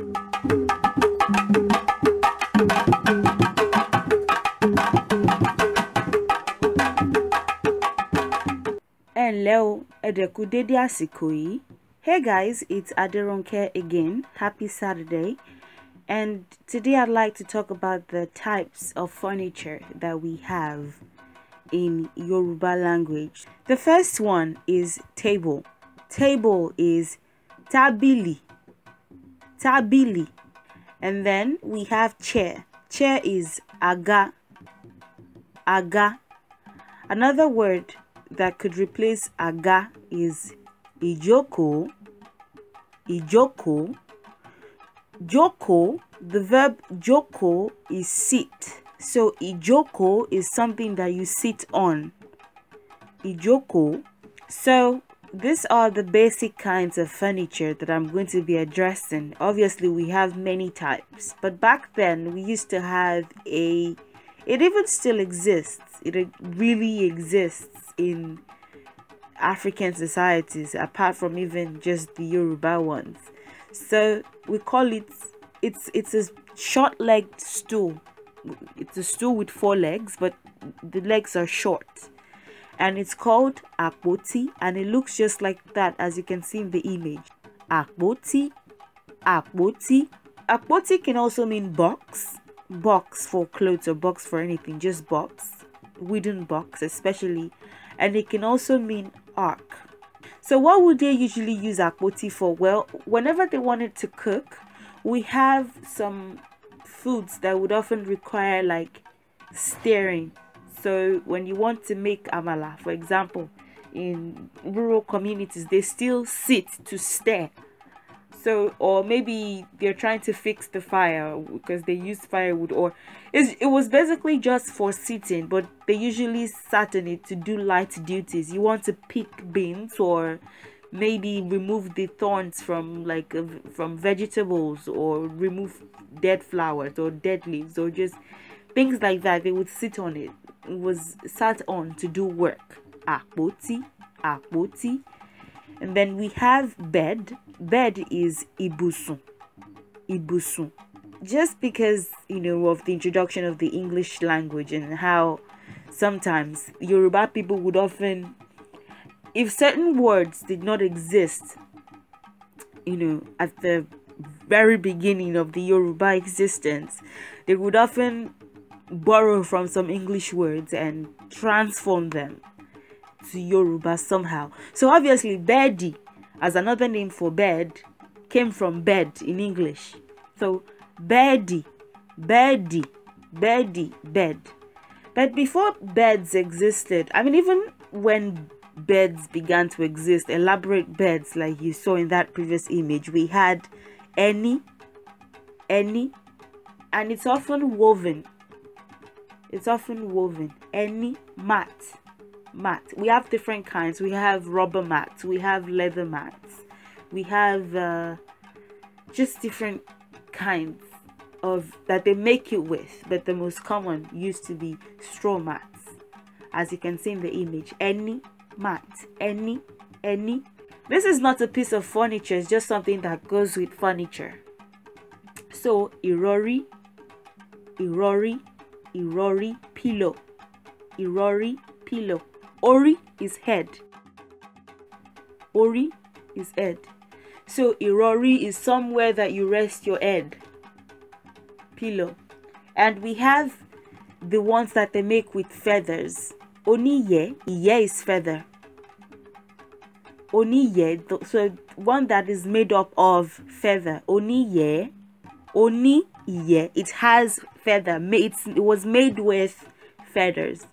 Hello, ǹlẹ́ o ẹ kú hey guys it's Aderonke again happy Saturday and today I'd like to talk about the types of furniture that we have in Yoruba language the first one is table table is tabili tabili. And then we have chair. Chair is aga. Aga. Another word that could replace aga is ijoko. Ijoko. Joko, the verb joko is sit. So ijoko is something that you sit on. Ijoko. So these are the basic kinds of furniture that I'm going to be addressing. Obviously, we have many types, but back then we used to have a it even still exists. It really exists in African societies apart from even just the Yoruba ones. So we call it it's it's a short-legged stool. It's a stool with four legs, but the legs are short and it's called Akboti and it looks just like that as you can see in the image. Akboti, Akboti. Akboti can also mean box, box for clothes or box for anything, just box, wooden box especially. And it can also mean ark. So what would they usually use Akboti for? Well, whenever they wanted to cook, we have some foods that would often require like stirring so when you want to make amala, for example, in rural communities, they still sit to stare. So or maybe they're trying to fix the fire because they use firewood or it was basically just for sitting, but they usually sat on it to do light duties. You want to pick beans or maybe remove the thorns from like from vegetables or remove dead flowers or dead leaves or just things like that they would sit on it was sat on to do work. Akpoti, akpoti. And then we have bed. Bed is ibusun. Ibusun. Just because, you know, of the introduction of the English language and how sometimes Yoruba people would often, if certain words did not exist, you know, at the very beginning of the Yoruba existence, they would often borrow from some English words and transform them to Yoruba somehow. So obviously, bedi, as another name for bed, came from bed in English. So bedi, bedi, bedi, bed. But before beds existed, I mean, even when beds began to exist, elaborate beds like you saw in that previous image, we had any, any, and it's often woven it's often woven. Any mat. Mat. We have different kinds. We have rubber mats. We have leather mats. We have uh, just different kinds of that they make it with. But the most common used to be straw mats. As you can see in the image. Any mat. Any. Any. This is not a piece of furniture. It's just something that goes with furniture. So, irori, irori, ìrọ̀rí pillow ìrọ̀rí pillow orí is head orí is head so ìrọ̀rí is somewhere that you rest your head pillow and we have the ones that they make with feathers oníyẹ́ ìyẹ́ is feather oníyẹ́ so one that is made up of feather oníyẹ́ oní yeah it has feather made it was made with feathers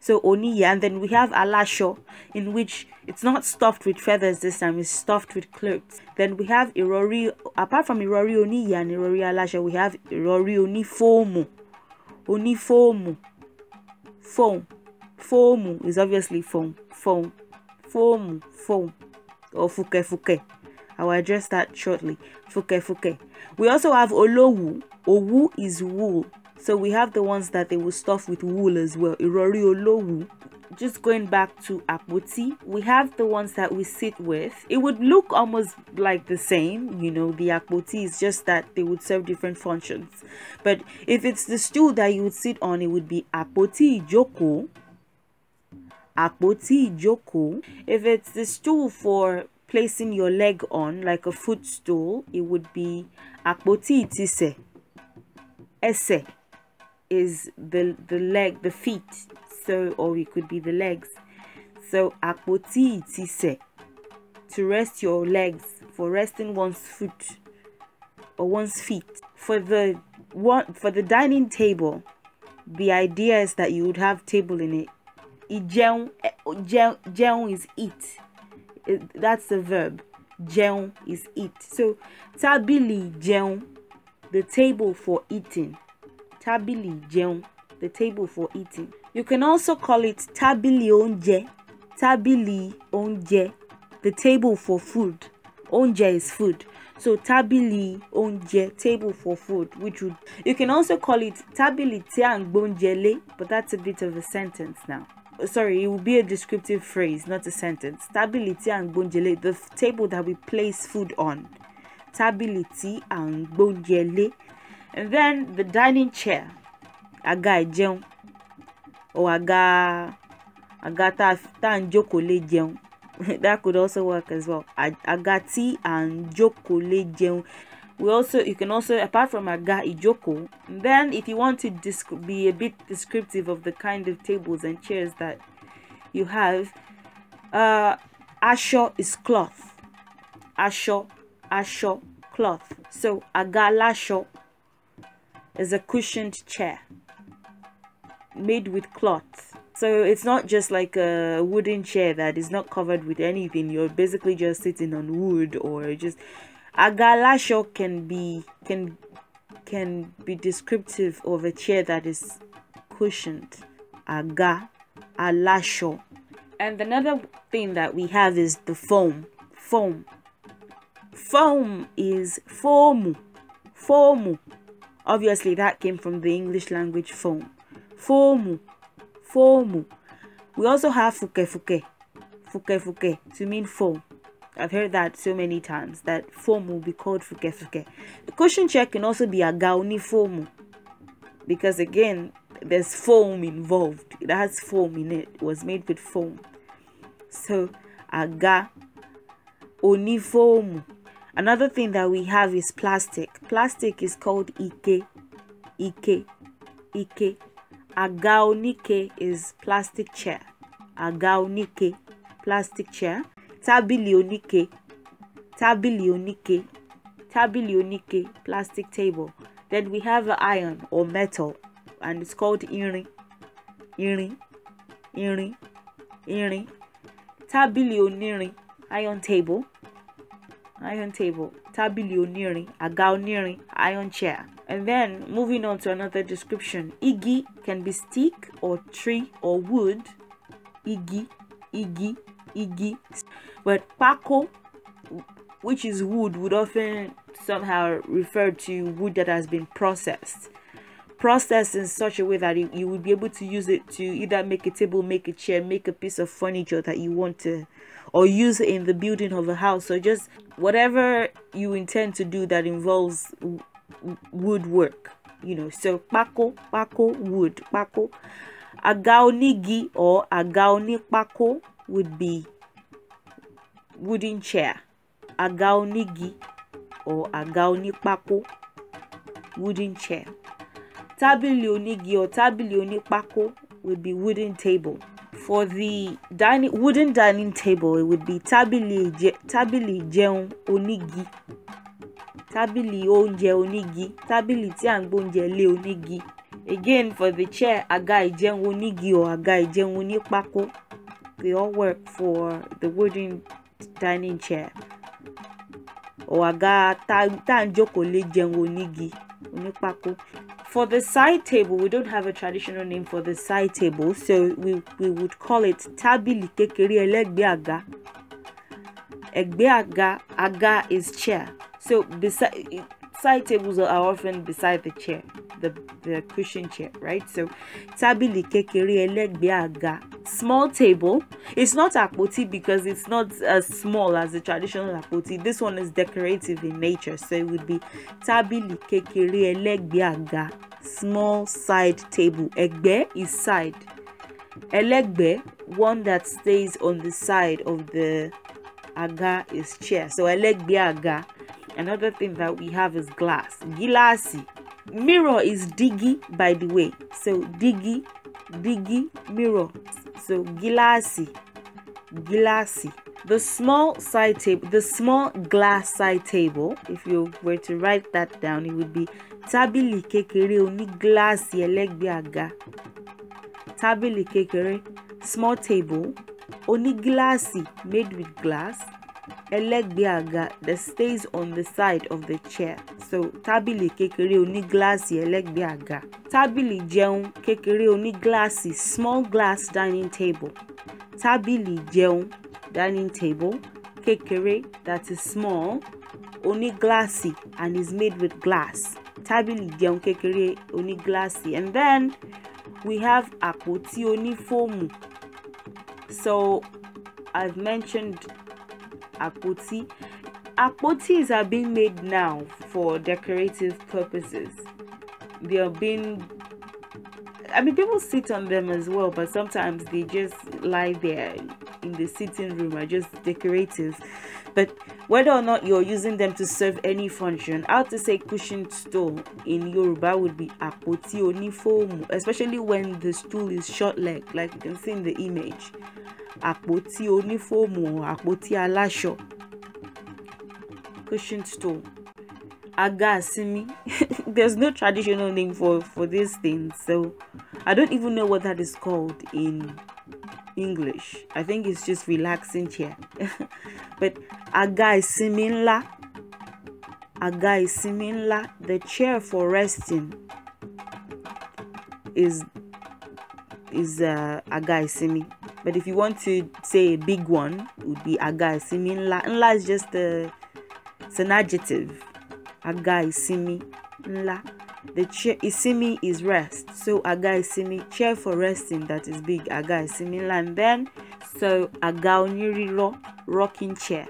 so oniya and then we have alasho in which it's not stuffed with feathers this time it's stuffed with clothes then we have irori apart from irori oniya and irori alasho we have irori onifomu onifomu foam foam is obviously foam foam foam foam or fuke fuke I will address that shortly. Fuke Fuke. We also have Olowu. Owu is wool. So we have the ones that they will stuff with wool as well. Irori Olowu. Just going back to Apoti, we have the ones that we sit with. It would look almost like the same, you know, the Apoti is just that they would serve different functions. But if it's the stool that you would sit on, it would be Apoti Joko. Apoti Joko. If it's the stool for placing your leg on like a footstool, it would be akboti itise. Ese is the the leg, the feet. So or it could be the legs. So akboti itise to rest your legs for resting one's foot or one's feet. For the one for the dining table, the idea is that you would have table in it. Ijeun, is eat that's the verb. Jeon is eat. So tabili jeon, the table for eating. Tabili jeon, the table for eating. You can also call it tabili onje. Tabili onje, the table for food. Onje is food. So tabili onje, table for food, which would you can also call it tabili ti angbonjele, but that's a bit of a sentence now sorry, it will be a descriptive phrase, not a sentence. Stability and à the table that we place food on. stability and à And then the dining chair, àga ìjẹun, or àga àga tá à ń lé jẹun. That could also work as well. Àga and à ń lé jẹun we also you can also apart from aga ijoko then if you want to be a bit descriptive of the kind of tables and chairs that you have uh asho is cloth asho asho cloth so aga lasho is a cushioned chair made with cloth so it's not just like a wooden chair that is not covered with anything you're basically just sitting on wood or just a galasho can be can can be descriptive of a chair that is cushioned. Aga, alasho. And another thing that we have is the foam. Foam. Foam is foam. Foam. Obviously, that came from the English language foam. Foam. Foam. We also have fuke fuke. Fuke fuke to mean foam. I've heard that so many times that foam will be called fuke. The question check can also be a gauni form because again there's foam involved. It has foam in it. It was made with foam. So aga uniform. Another thing that we have is plastic. Plastic is called ike. Ike. Ike. Agaonike is plastic chair. Agaonike, plastic chair tábìlì oníke tábìlì oníke tábìlì oníke plastic table then we have iron or metal and it's called irin irin irin irin tábìlì onírin iron table iron table tábìlì onírin àga iron chair and then moving on to another description igi can be stick or tree or wood igi igi igi, but pako, which is wood, would often somehow refer to wood that has been processed. Processed in such a way that you, you would be able to use it to either make a table, make a chair, make a piece of furniture that you want to, or use it in the building of a house, or just whatever you intend to do that involves woodwork. You know, so pako, pako, wood, pako. Aga or aga pako. would be wooden chair àga onígi or àga onípákó wooden chair tábìlì onígi or tábìlì onípákó would be wooden table for the dining wooden dining table it would be tábìlì ìjẹ tábìlì ìjẹun onígi tábìlì oúnjẹ onígi tábìlì tí à ń gbóúnjẹ lé onígi again for the chair agai ìjẹun onígi or agai ìjẹun onípákó we all work for the wooden dining chair tá jókòó For the side table, we don't have a traditional name for the side table, so we, we would call it tábìlì kékeré ẹlẹ́gbẹ̀ẹ́ biaga. Ebiaga àga, is chair. So beside side tables are often beside the chair, the the cushion chair, right? So tábìlì kékeré ẹlẹ́gbẹ̀ẹ́ biaga small table it's not akpoti because it's not as small as the traditional akpoti this one is decorative in nature so it would be tabili kekere elegbe aga small side table egbe is side elegbe one that stays on the side of the aga is chair so elegbe aga another thing that we have is glass gilasi mirror is digi by the way so digi bigi mirror so gíláàsì gíláàsì the small side table the small glass side table if you were to write that down it would be tábìlì kékeré oní gíláàsì ẹlẹ́gbẹ̀ẹ́ àga tábìlì kékeré small table oní gíláàsì made with glass ẹlẹ́gbẹ̀ẹ́ that stays on the side of the chair so tábìlì kékeré oní gíláàsì ẹlẹ́gbẹ̀ẹ́ àga tábìlì jẹun kékeré oní gíláàsì small glass dining table tábìlì jẹun dining table kékeré that is small oni glassy and is made with glass tábìlì jẹun kékeré oní gíláàsì and then we have àpótí oni foam. so I've mentioned Apoti. Apotis are being made now for decorative purposes. They are being I mean, people sit on them as well, but sometimes they just lie there in the sitting room are just decorative. But whether or not you're using them to serve any function, how to say cushioned stool in Yoruba would be apoti onifomu, especially when the stool is short leg, like you can see in the image àpótí onífòmù àpótí aláṣọ cushion stole aga asimi there's no traditional name for for this thing so i don't even know what that is called in english i think it's just relaxing chair but aga asimi ńlá aga ìsinmi ńlá the chair for resting is is uh, aga ìsinmi but if you want to say a big one it would be agaisimi nla nla is just a it's an adjective simi nla the chair isimi is rest so simi chair for resting that is big agaisimi nla and then so aga oniriro rocking chair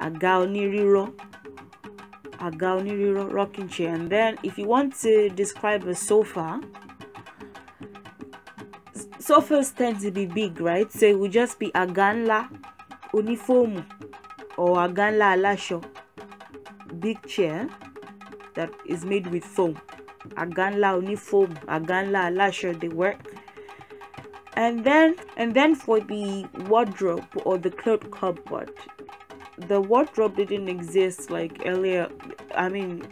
aga oniriro aga oniriro rocking chair and then if you want to describe a sofa surface tends to be big, right? So it will just be aganla uniform, or aganla alasho. Big chair that is made with foam. Aganla uniform, aganla alasho, they work. And then and then for the wardrobe or the cloth cupboard. The wardrobe didn't exist like earlier. I mean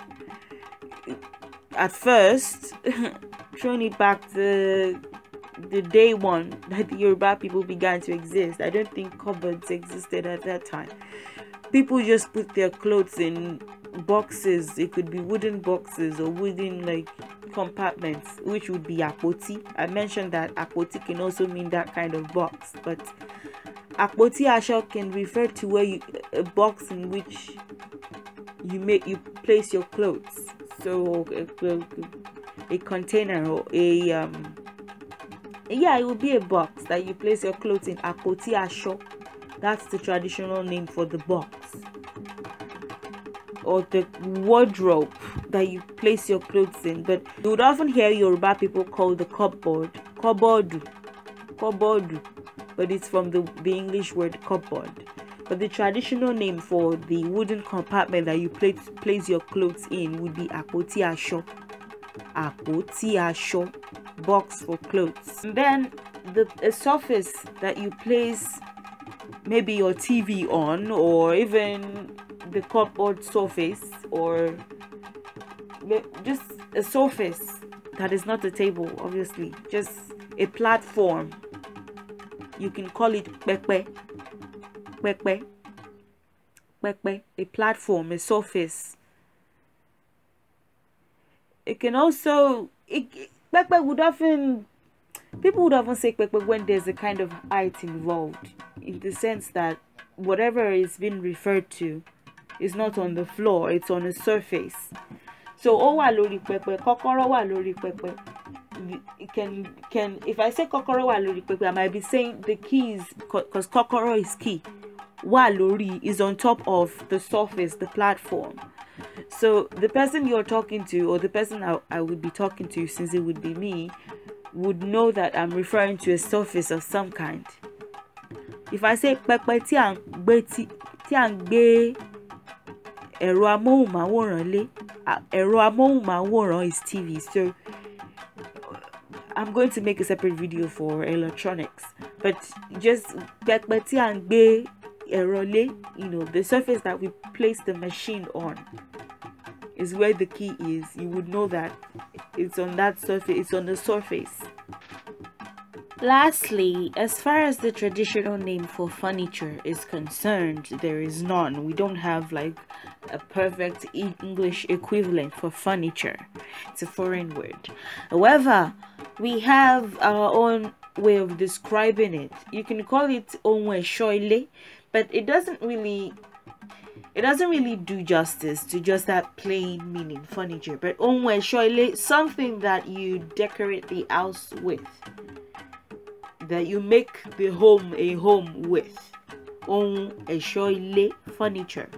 at first throwing it back the the day one that the Yoruba people began to exist. I don't think cupboards existed at that time. People just put their clothes in boxes. It could be wooden boxes or wooden like compartments, which would be apoti. I mentioned that apoti can also mean that kind of box, but apoti asha can refer to where you, a box in which you make you place your clothes. So a, a, a container or a um, yeah it will be a box that you place your clothes in akoti asho that's the traditional name for the box or the wardrobe that you place your clothes in but you would often hear yoruba people call the cupboard cupboard cupboard but it's from the, the english word cupboard but the traditional name for the wooden compartment that you place, place your clothes in would be akoti asho akoti asho box for clothes and then the a surface that you place maybe your TV on or even the cupboard surface or just a surface that is not a table obviously just a platform you can call it pepe pepe pepe a platform a surface it can also it, Pepper would often, people would often say Pepper when there's a kind of height involved, in the sense that whatever is being referred to is not on the floor, it's on a surface. So, wà lórí pẹpẹ, kọ́kọ́rọ́ wà lórí pẹpẹ. Can can if I say kọ́kọ́rọ́ wà lórí pẹpẹ, I might be saying the key is because kọ́kọ́rọ́ is key. Wà lórí is on top of the surface, the platform. So the person you're talking to, or the person I, I would be talking to, since it would be me, would know that I'm referring to a surface of some kind. If I say pẹpẹ tí à ń gbé tí à ń gbé ẹ̀rọ amóhùnmáwòrán lé, ẹ̀rọ amóhùnmáwòrán is TV. So I'm going to make a separate video for electronics, but just pẹpẹ tí à ń gbé ẹ̀rọ lé, you know, the surface that we place the machine on is where the key is you would know that it's on that surface it's on the surface Lastly, as far as the traditional name for furniture is concerned, there is none. We don't have like a perfect English equivalent for furniture. It's a foreign word. However, we have our own way of describing it. You can call it onwe but it doesn't really it doesn't really do justice to just that plain meaning furniture but onwe shoile something that you decorate the house with that you make the home a home with a shoile furniture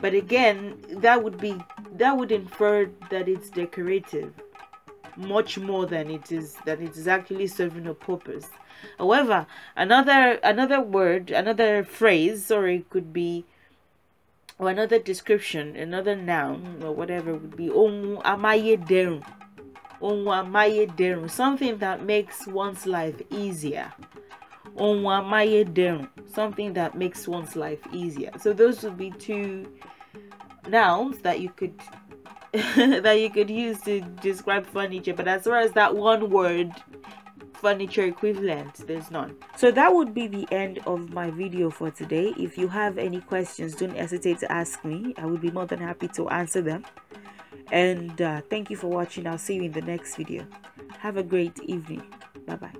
but again that would be that would infer that it's decorative much more than it is that it is actually serving a purpose however another another word another phrase sorry could be or another description, another noun or whatever would be Omu something that makes one's life easier. Omu Amayederun, something that makes one's life easier. So those would be two nouns that you could that you could use to describe furniture but as far as that one word furniture equivalent there's none so that would be the end of my video for today if you have any questions don't hesitate to ask me i would be more than happy to answer them and uh, thank you for watching i'll see you in the next video have a great evening bye bye